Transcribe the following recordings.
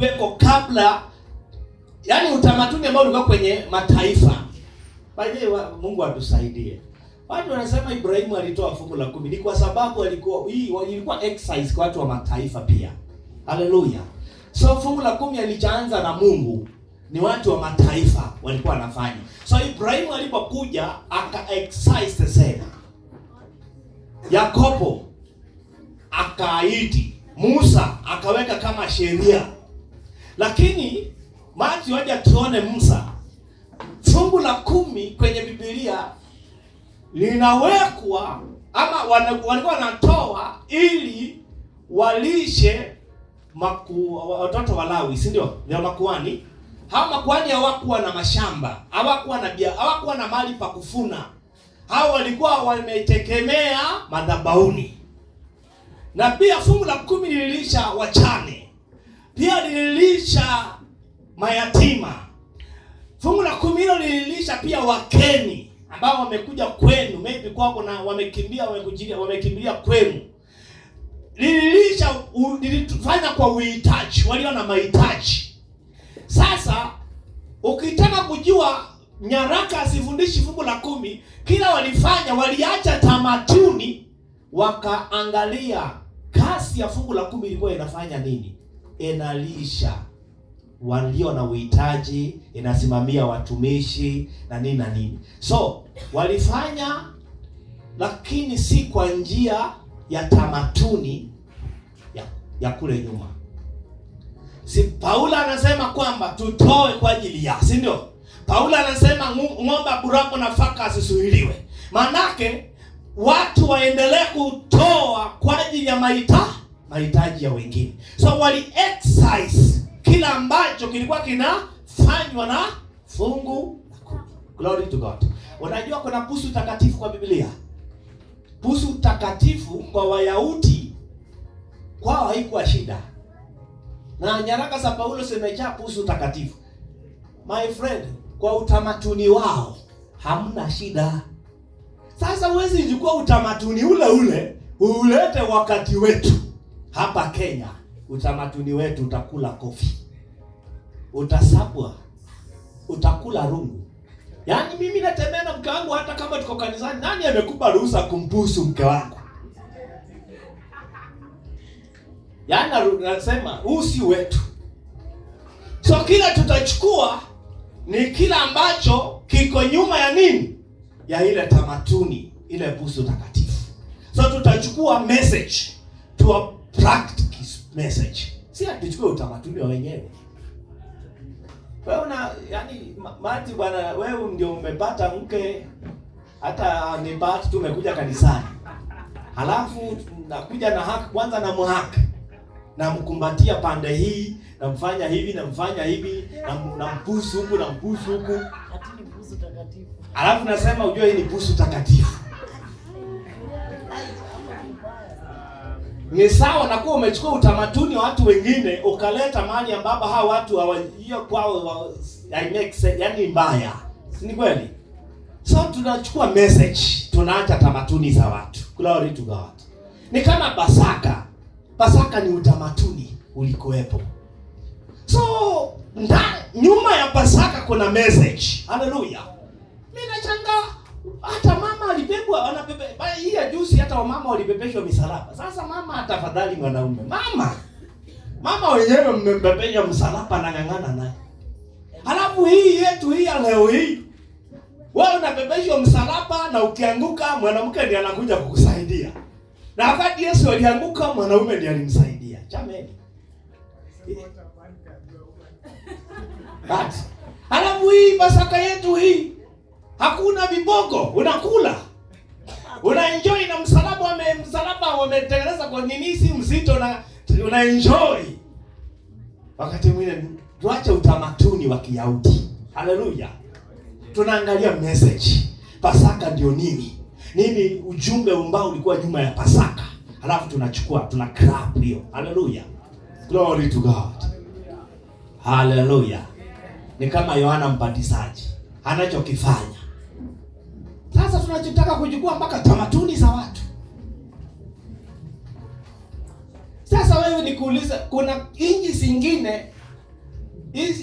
kuweko kabla, yani utamaduni ambao ulikuwa kwenye mataifa. By the way, Mungu atusaidie. Watu wanasema Ibrahimu alitoa fungu la kumi ni kwa sababu alikuwa hii ilikuwa exercise kwa watu wa mataifa pia. Haleluya! So fungu la kumi alichaanza na Mungu ni watu wa mataifa walikuwa wanafanya. So Ibrahimu alipokuja aka excise tena. Yakobo akaahidi, Musa akaweka kama sheria. Lakini maji waja tuone Musa. Fungu la kumi kwenye Biblia linawekwa ama walikuwa wanatoa ili walishe maku, watoto wa Lawi, si ndio? Ni makuani Hawa Makuani hawakuwa na mashamba, hawakuwa na bia, hawakuwa na mali pa kufuna. Hao walikuwa wametegemea madhabahuni, na pia fungu la kumi lililisha wachane pia lililisha mayatima. Fungu la kumi hilo lililisha pia wakeni ambao wamekuja kwenu, maybe kwako na wamekimbia, wamekujilia, wamekimbilia kwenu. Lililisha, lilifanya kwa uhitaji, walio na mahitaji. Sasa ukitaka kujua nyaraka asifundishi fungu la kumi, kila walifanya waliacha tamatuni, wakaangalia kasi ya fungu la kumi ilikuwa inafanya nini inalisha walio na uhitaji, inasimamia watumishi na nini na nini. So walifanya, lakini si kwa njia ya tamatuni ya, ya kule nyuma. Si Paulo anasema kwamba tutoe kwa ajili ya, si ndio? Paulo anasema ng'ombe burako nafaka asisuhiliwe, maanake watu waendelee kutoa kwa ajili ya mahitaji mahitaji ya wengine. So wali exercise kila ambacho kilikuwa kinafanywa na fungu. Glory to God. Unajua kuna kuhusu utakatifu kwa Biblia, kuhusu utakatifu kwa Wayahudi kwao haikuwa shida, na nyaraka za Paulo zimejaa kuhusu takatifu. My friend, kwa utamaduni wao hamna shida. Sasa huwezi chukua utamaduni ule ule ulete wakati wetu hapa Kenya utamaduni wetu, utakula kofi, utasabwa utakula rungu. Yaani mimi natembea na mke wangu hata kama tuko kanisani. Nani amekupa ruhusa kumbusu mke wangu? Yaani nasema huu si wetu. So kila tutachukua ni kila ambacho kiko nyuma ya nini? Ya ile tamatuni, ile busu takatifu. So tutachukua message tuwa his message, si atuchukue utamaduni wa wenyewe. Wewe una yani mati bwana, wewe ndio umepata mke, hata ni bahati tu umekuja kanisani, halafu nakuja na haki kwanza, na mhaki namkumbatia pande hii, namfanya hivi, namfanya hivi, nampusu huku, nampusu huku, halafu nasema ujue hii ni pusu takatifu. Ni sawa na kuwa umechukua utamaduni wa watu wengine ukaleta mahali ambapo hao watu hawajio kwao, i make sense, yani mbaya, si ni kweli? So tunachukua message, tunaacha tamaduni za watu. Glory to God. Ni kama Pasaka. Pasaka ni utamaduni ulikuwepo. So nda, nyuma ya Pasaka kuna message. Hallelujah. Mimi nachanga hata walibebwa wanabeba hii ya juzi, hata wamama walibebeshwa misalaba. Sasa mama, atafadhali mwanaume, mama mama wenyewe mmembebesha msalaba na ng'ang'ana naye, halafu hii yetu hii ya leo hii, wewe unabebeshwa msalaba na ukianguka mwanamke ndiye anakuja kukusaidia, na wakati Yesu alianguka mwanaume ndiye alimsaidia. Jameni, halafu hii pasaka yetu hii hakuna viboko unakula unaenjoy na msalaba wame, msalaba wametengeneza kwa nini si mzito na unaenjoy. Wakati mwingine tuache utamatuni wa Kiyahudi. Haleluya, tunaangalia message. Pasaka ndio nini? Nini ujumbe ambao ulikuwa nyuma ya Pasaka? alafu tunachukua tuna clap hiyo. Haleluya, glory to God. Haleluya, ni kama Yohana Mbatizaji anachokifanya tunachotaka kujukua mpaka tamatuni za watu. Sasa wewe nikuuliza, kuna nchi zingine,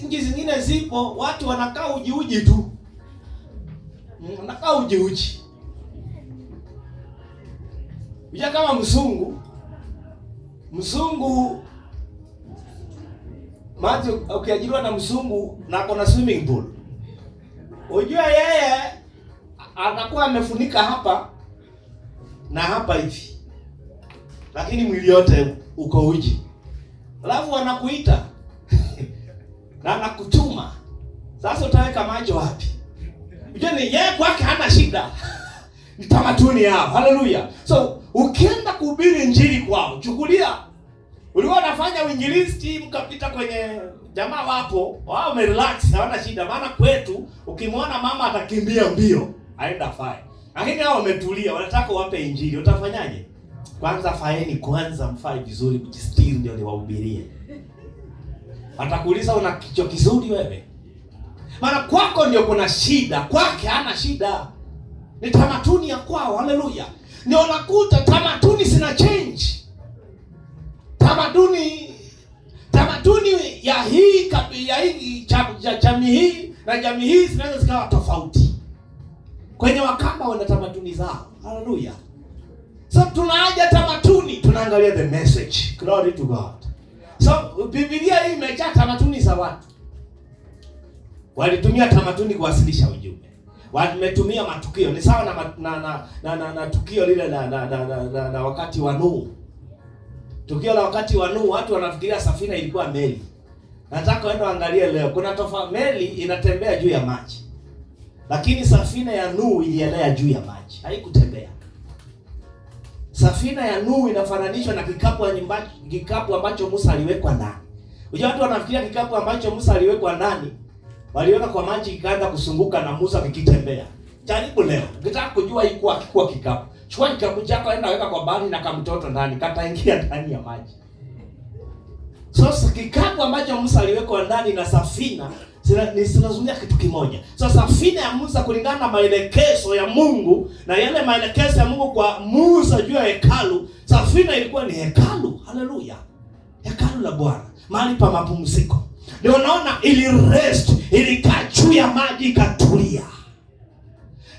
nchi zingine zipo watu wanakaa uji uji tu, wanakaa uji uji uja kama mzungu mzungu maji ukiajiriwa na mzungu na ako swimming pool, ujua yeye atakuwa amefunika hapa na hapa hivi, lakini mwili yote uko uji, alafu anakuita na anakutuma Sasa utaweka macho wapi? Unajua ni yeye kwake hana shida ni tamatuni yao. Haleluya! So ukienda kuhubiri injili kwao, chukulia ulikuwa unafanya uinjilisti, mkapita kwenye jamaa wapo wao, wamerelax, hawana shida. Maana kwetu ukimwona mama atakimbia mbio aenda fae. Lakini hao wametulia, wanataka wape injili. Utafanyaje? Kwanza faeni kwanza, mfae vizuri, mjistiri ndio niwahubirie. Atakuuliza una kicho kizuri wewe? Maana kwako ndio kuna shida, kwake hana shida. Ni tamatuni ya kwao, haleluya. Ndio unakuta tamatuni zina change. Tamaduni tamaduni ya hii ya hii jamii hii na jamii hii zinaweza zikawa tofauti kwenye Wakamba wana tamaduni zao. Haleluya! So tunaaja tamaduni, tunaangalia the message. Glory to God. So Biblia hii imejaa tamaduni za watu. Walitumia tamaduni kuwasilisha ujumbe, wametumia matukio. Ni sawa na na, na, na, na, na tukio lile la na, na, na, na, na wakati wa Nuhu. Tukio la wakati wa Nuhu, watu wanafikiria safina ilikuwa meli. Nataka uende angalie leo, kuna tofa meli inatembea juu ya maji lakini safina ya Nuhu ilielea juu ya maji, haikutembea. Safina ya Nuhu inafananishwa na kikapu ambacho kikapu ambacho Musa aliwekwa ndani. Unajua watu wanafikiria kikapu ambacho Musa aliwekwa ndani, waliweka kwa maji ikaanza kusunguka na Musa vikitembea. Jaribu leo, ukitaka kujua iko akikuwa kikapu. Chukua kikapu chako aenda weka kwa bahari na kamtoto ndani, kataingia ndani ya maji. Sasa kikapu ambacho Musa aliwekwa ndani na safina zinazuia kitu kimoja. Sasa safina ya Musa kulingana na maelekezo ya Mungu na yale maelekezo ya Mungu kwa Musa juu ya hekalu, safina ilikuwa ni hekalu. Haleluya, hekalu la Bwana, mahali pa mapumziko. Ndio naona ili rest, ilikaa juu ya maji ikatulia.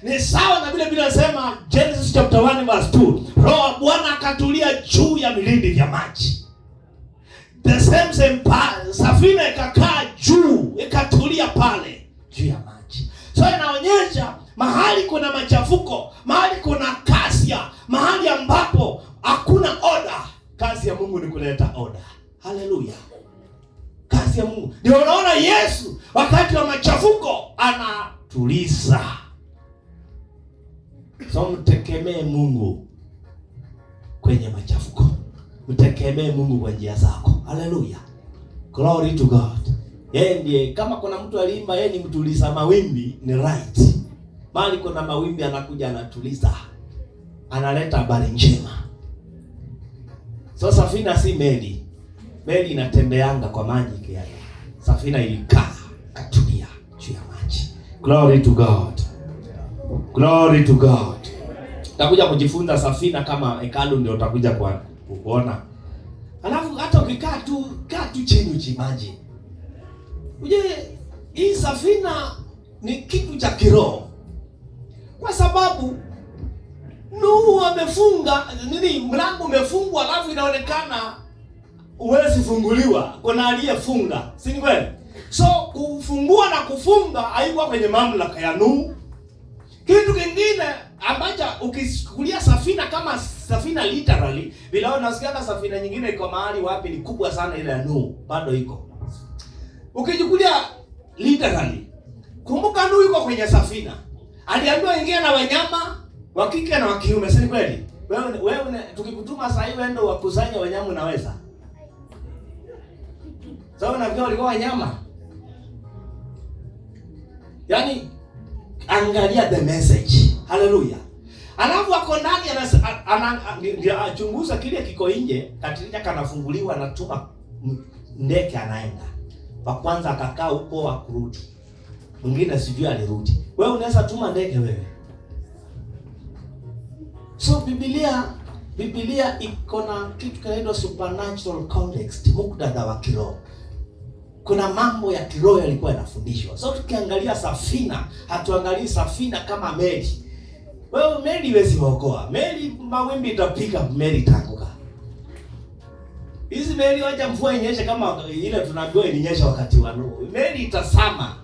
Ni sawa na vile vile nasema Genesis chapter 1 verse 2, roho Bwana akatulia juu ya vilindi vya maji the same same safina ikakaa juu ikatulia pale juu ya maji. So inaonyesha mahali kuna machafuko, mahali kuna kasia, mahali ambapo hakuna oda, kazi ya Mungu ni kuleta oda. Haleluya, kazi ya Mungu ndio. Unaona Yesu wakati wa machafuko anatuliza. So mtekemee Mungu kwenye machafuko utegemee Mungu kwa njia zako. Haleluya, glory to God. Yeye ndiye, kama kuna mtu aliimba, yeye ni mtuliza mawimbi, ni right, bali kuna mawimbi anakuja anatuliza, analeta habari njema. So safina si meli, meli inatembeanga kwa maji kiasi. Safina ilikaa katulia juu ya maji. Glory to God, glory to God. Takuja kujifunza safina kama hekalu, ndio utakuja kuona Hebu kaa tu kaa tu chini ujiimagine. Uje hii safina ni kitu cha kiroho, kwa sababu Nuhu amefunga nini, mlango umefungwa, alafu inaonekana huwezi funguliwa, kuna aliyefunga, si ni kweli? So kufungua na kufunga haikuwa kwenye mamlaka ya Nuhu. Kitu kingine ambacho ukichukulia safina kama safina literally, bila unasikia unasikia safina nyingine iko mahali wapi, ni kubwa sana, ile ya Nuhu bado iko. Ukichukulia literally, kumbuka Nuhu yuko kwenye safina, aliambiwa ingia na wanyama wa kike na wa kiume, si kweli? Wewe wewe tukikutuma sasa hivi ndio wakusanya wanyama unaweza? Sasa na nafikiri walikuwa wanyama. Yaani angalia the message. Hallelujah. Alafu ako ndani anachunguza kile kiko nje, katirija kanafunguliwa, anatuma ndeke, anaenda. Wa kwanza akakaa huko wa kurudi. Mwingine sijui alirudi. Wewe unaweza tuma ndeke wewe. So Biblia Biblia iko na kitu kinaitwa supernatural context, muktadha wa kiroho. Kuna mambo ya kiroho yalikuwa yanafundishwa. So tukiangalia safina, hatuangalii safina kama meli. Wewe meli wezi waokoa. Meli mawimbi itapiga, meli itaanguka. Hizi meli wacha mvua inyeshe kama ile tunajua ilinyesha wakati wa Nuhu. Meli itasama.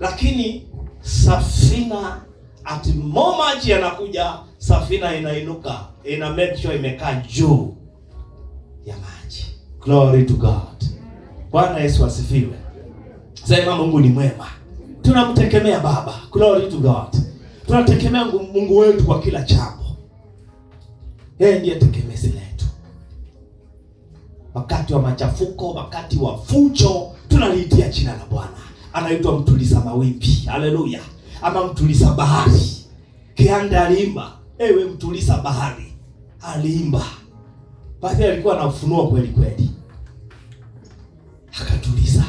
Lakini safina ati maji yanakuja, safina inainuka, ina make sure imekaa juu ya maji. Glory to God. Bwana Yesu asifiwe. Sema Mungu ni mwema. Tunamtegemea Baba. Glory to God tunategemea Mungu wetu kwa kila jambo. Yeye ndiye tegemezi letu. Wakati wa machafuko, wakati wa fujo, tunaliitia jina la Bwana. Anaitwa mtuliza mawimbi, haleluya, ama mtuliza bahari. Kianda aliimba, ewe eh, mtuliza bahari, aliimba basi, alikuwa na ufunuo kweli kweli, akatuliza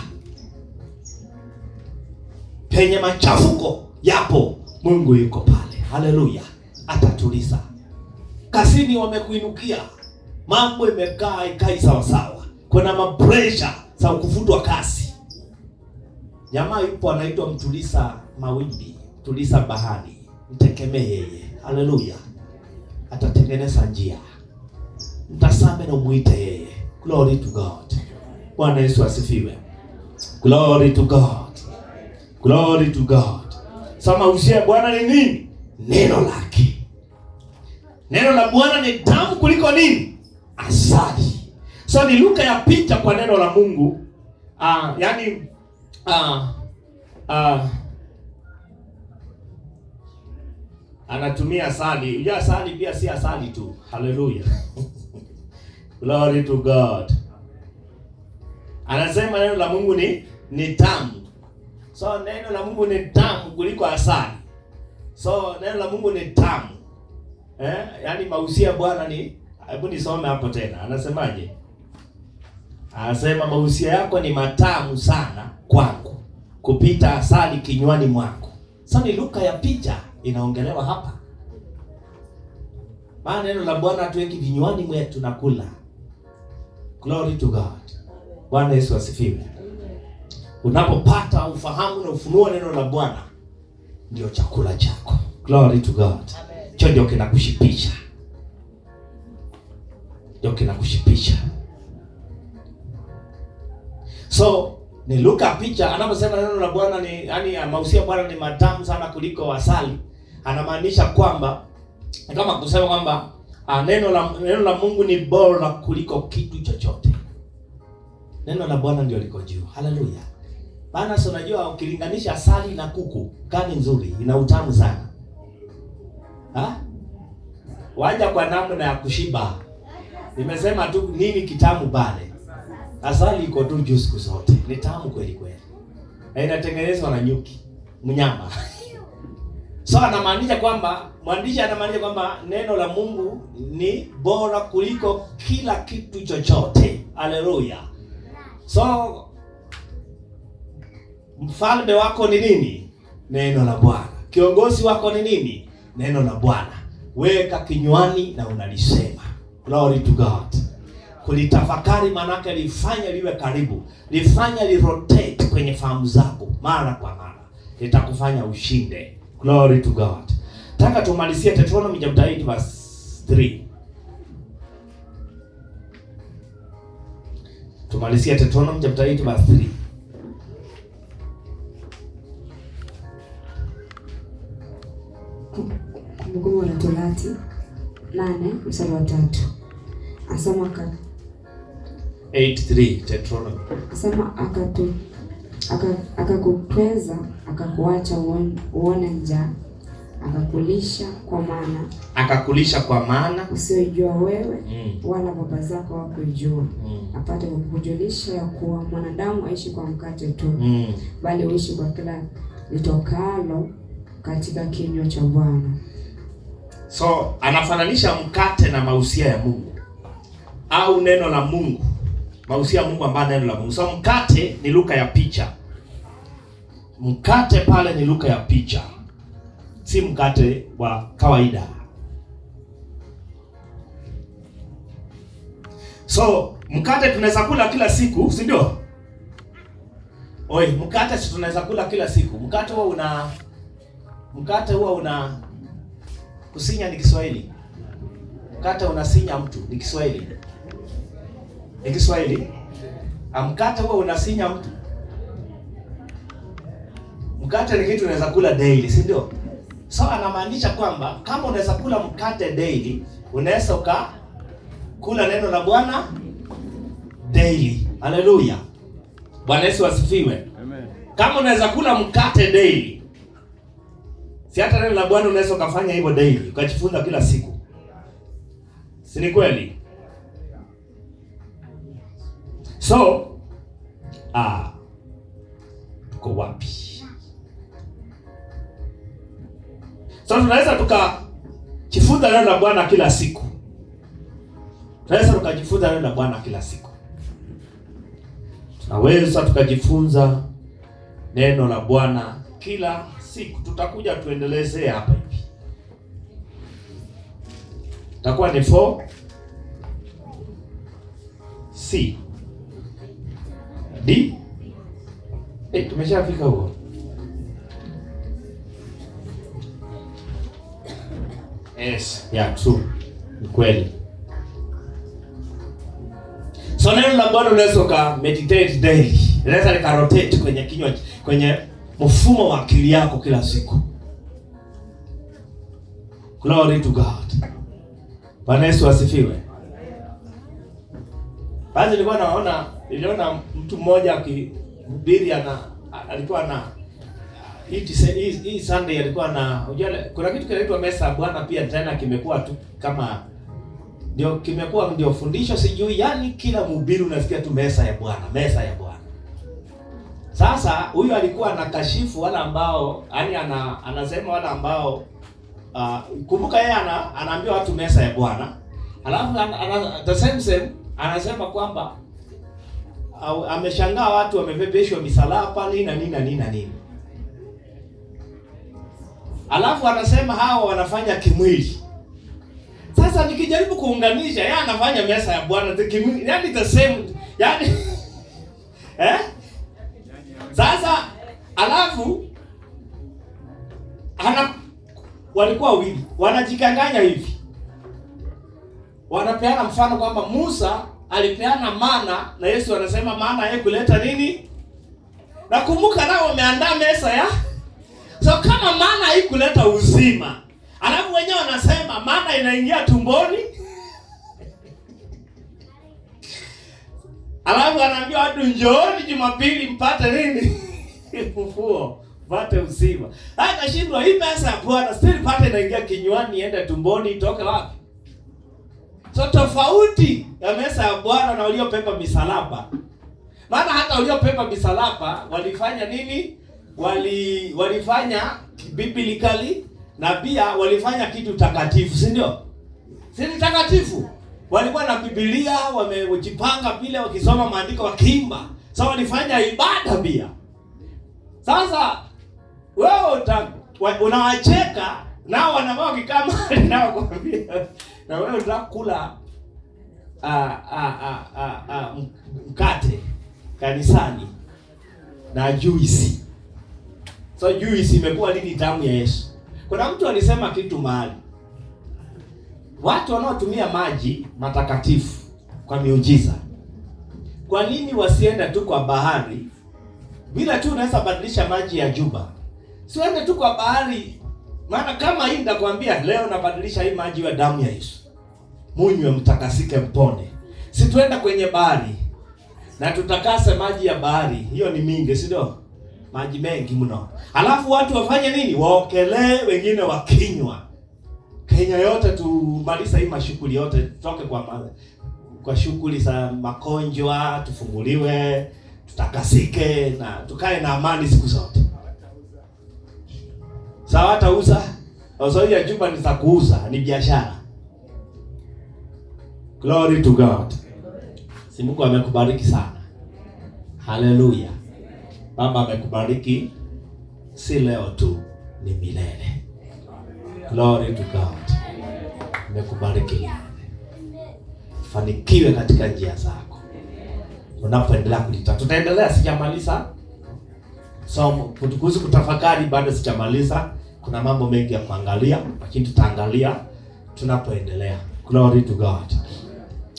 penye machafuko yapo Mungu yuko pale, haleluya, atatuliza. Kazini wamekuinukia, mambo imekaa ikai sawa sawa, kuna mapresha za kufutwa kazi. Jamaa yupo anaitwa mtuliza mawimbi, mtuliza bahari, mtegemee yeye, haleluya, atatengeneza njia. Mtasame na muite yeye. Glory to God. Bwana Yesu asifiwe. Glory to God. Glory to God. Sasa usia ya Bwana ni nini? Neno lake. Neno la Bwana ni tamu kuliko nini? Asali. So ni Luka ya picha kwa neno la Mungu. Ah, yani ah, ah anatumia asali. Unajua asali pia si asali tu. Haleluya. Glory to God. Anasema neno la Mungu ni ni tamu. So neno la Mungu ni tamu kuliko asali. So neno la Mungu ni tamu. Eh? Yaani mausia ya Bwana ni hebu nisome hapo tena. Anasemaje? Anasema mausia yako ni matamu sana kwangu kupita asali kinywani mwangu. Sasa ni Luka ya picha inaongelewa hapa. Maana neno la Bwana tuweki vinywani mwetu na kula. Glory to God. Bwana Yesu asifiwe. Unapopata ufahamu na ufunuo neno la Bwana ndio chakula chako. Glory to God. Cho ndio kinakushipisha, ndio kinakushipisha. So ni Luka picha anaposema neno la Bwana ni yani mausia Bwana ni matamu sana kuliko asali, anamaanisha kwamba kama kusema kwamba ah, neno la neno la Mungu ni bora kuliko kitu chochote. Neno la Bwana ndio liko juu. Haleluya. Maana si unajua ukilinganisha asali na kuku, gani nzuri ina utamu sana. Ha? Waja kwa namna ya kushiba. Nimesema tu nini kitamu pale. Asali iko tu juu siku zote. Ni tamu kweli kweli. Na inatengenezwa na nyuki, mnyama. So anamaanisha kwamba mwandishi anamaanisha kwamba neno la Mungu ni bora kuliko kila kitu chochote. Haleluya. So Mfalme wako ni nini? Neno la Bwana. Kiongozi wako ni nini? Neno la Bwana. Weka kinywani na unalisema. Glory to God. Kulitafakari manake lifanye liwe karibu, lifanye lirotate kwenye fahamu zako mara kwa mara, litakufanya ushinde. Glory to God. Taka tumalizie Deuteronomy chapter 8 verse 3. Tumalizie Deuteronomy chapter 8 verse 3. Hukumu la Torati nane mstari wa tatu asema ka 83 Deuteronomy asema akatu akakutweza aka akakuacha uone njaa akakulisha kwa maana akakulisha kwa maana usiyojua wewe mm. wala baba zako hawakujua mm. apate kukujulisha ya kuwa mwanadamu aishi kwa mkate tu mm. bali uishi kwa kila litokalo katika kinywa cha Bwana. So anafananisha mkate na mausia ya Mungu au neno la Mungu, mausia ya Mungu ambayo neno la Mungu. So mkate ni Luka ya picha, mkate pale ni Luka ya picha, si mkate wa kawaida. So mkate tunaweza kula kila siku, si ndio? Oi, mkate tunaweza kula kila siku. Mkate huwa una mkate huwa una Kusinya ni Kiswahili, mkate unasinya mtu ni Kiswahili, ni Kiswahili. Amkate ah, huo unasinya mtu. Mkate ni kitu unaweza kula daily, si ndio? So anamaanisha kwamba kama unaweza kula mkate daily, unaweza ukakula neno la Bwana daily. Haleluya, Bwana Yesu asifiwe. Amen. Kama unaweza kula mkate daily Si hata neno la Bwana unaweza ukafanya hivyo daily, ukajifunza kila siku, si ni kweli? So ah, tuko wapi? So tunaweza tukajifunza neno la Bwana kila siku, tunaweza tukajifunza neno la Bwana kila siku, tunaweza tukajifunza neno la Bwana kila siku tutakuja tuendelezee hapa hivi, takuwa ni 4 C D. Eh, tumeshafika huko. Yes, ya true. Ni kweli. So neno la Bwana unaweza ka meditate daily. Unaweza likarotate kwenye kinywa kwenye mfumo wa akili yako kila siku. Glory to God. Bwana Yesu asifiwe. Basi nilikuwa naona, niliona mtu mmoja akihubiri ana alikuwa na hii hii Sunday alikuwa na unajua kuna kitu kinaitwa mesa Bwana pia tena kimekuwa tu kama ndio kimekuwa ndio fundisho sijui, yani kila mhubiri unasikia tu mesa ya Bwana, mesa ya Bwana. Sasa huyu alikuwa anakashifu wale ambao yani ana, anasema wale ambao uh, kumbuka yeye ana, anaambia watu meza ya Bwana alafu ana, ana, the same same anasema kwamba uh, ameshangaa watu wamebebeshwa misalaba pale na nini na nini na nini alafu anasema hao wanafanya kimwili. Sasa nikijaribu kuunganisha, yeye anafanya meza ya Bwana kimwili, yani the same yani eh sasa alafu ana walikuwa wili wanajikanganya hivi, wanapeana mfano kwamba Musa alipeana mana na Yesu anasema maana yeye kuleta nini? Nakumbuka nao wameandaa mesa ya so kama mana hii kuleta uzima, alafu wenyewe wanasema mana inaingia tumboni Alafu anaambia watu njooni Jumapili mpate nini? Ufufuo, mpate uzima. Akashindwa hii pesa ya Bwana still pate inaingia kinywani iende tumboni itoke wapi? So tofauti ya mesa ya Bwana na waliopepa misalaba. Maana hata waliopepa misalaba walifanya nini? Wali walifanya biblically na pia walifanya kitu takatifu, si ndio? Si takatifu? walikuwa na Biblia, wamejipanga vile, wakisoma maandiko, wakiimba, sa walifanya ibada pia. Sasa wewe unawacheka nao, wanabaki wakikaa mahali nao kwambia na wewe utakula mkate kanisani na juisi. So juisi imekuwa lini damu ya Yesu? Kuna mtu alisema kitu mahali watu wanaotumia maji matakatifu kwa miujiza, kwa nini wasienda tu kwa bahari? Bila tu unaweza badilisha maji ya Juba, siende tu kwa bahari. Maana kama hii nitakwambia leo, nabadilisha hii maji ya damu ya Yesu, munywe mtakasike, mpone. Situenda kwenye bahari na tutakase maji ya bahari, hiyo ni mingi, si ndio? Maji mengi mno, alafu watu wafanye nini? Waokelee, wengine wakinywa Kenya yote tumaliza hii mashughuli yote, tutoke kwa ma, kwa shughuli za makonjwa, tufunguliwe, tutakasike na tukae na amani siku zote. Sawa, watauza Ozoi ya jumba ni za kuuza, ni biashara. Glory to God. Si Mungu amekubariki sana. Haleluya. Baba amekubariki si leo tu, ni milele. Glory to God. Nimekubariki. Fanikiwe katika njia zako unapoendelea kulita. Tutaendelea, sijamaliza So kuhusu kutafakari, bado sijamaliza. Kuna mambo mengi ya kuangalia, lakini tutaangalia tunapoendelea. Glory to God.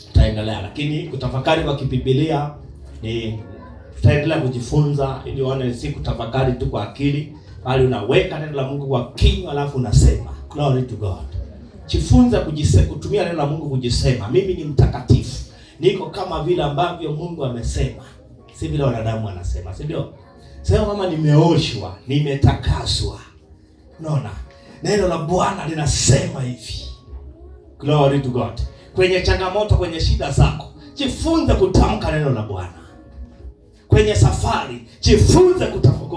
Tutaendelea, lakini kutafakari kwa kibibilia ni tutaendelea kujifunza, ili uone si kutafakari tu kwa akili, bali unaweka neno la Mungu kwa kinywa, alafu unasema Glory to God. Jifunza kujise, kutumia neno la Mungu kujisema, mimi ni mtakatifu, niko kama vile ambavyo Mungu amesema, si vile wanadamu wanasema, si ndio? Sema kama nimeoshwa, nimetakaswa. Unaona, neno la Bwana linasema hivi. Glory to God. Kwenye changamoto, kwenye shida zako, jifunze kutamka neno la Bwana. Kwenye safari, jifunze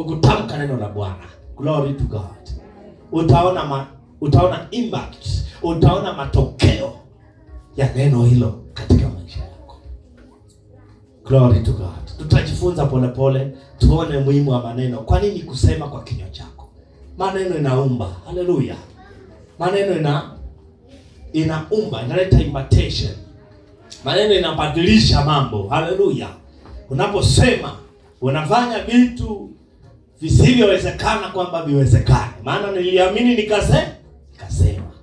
kutamka neno la Bwana. Glory to God. Utaona ma utaona impact, utaona matokeo ya neno hilo katika maisha yako. Glory to God. Tutajifunza polepole, tuone muhimu wa maneno. Kwa nini kusema kwa kinywa chako? Maneno inaumba. Haleluya! Maneno ina inaumba, inaleta imitation. Maneno inabadilisha mambo. Haleluya! Unaposema unafanya vitu visivyowezekana kwamba viwezekane. Maana niliamini nikasema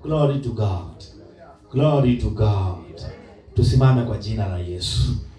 Glory to God. Glory to God. Tusimame kwa jina la Yesu.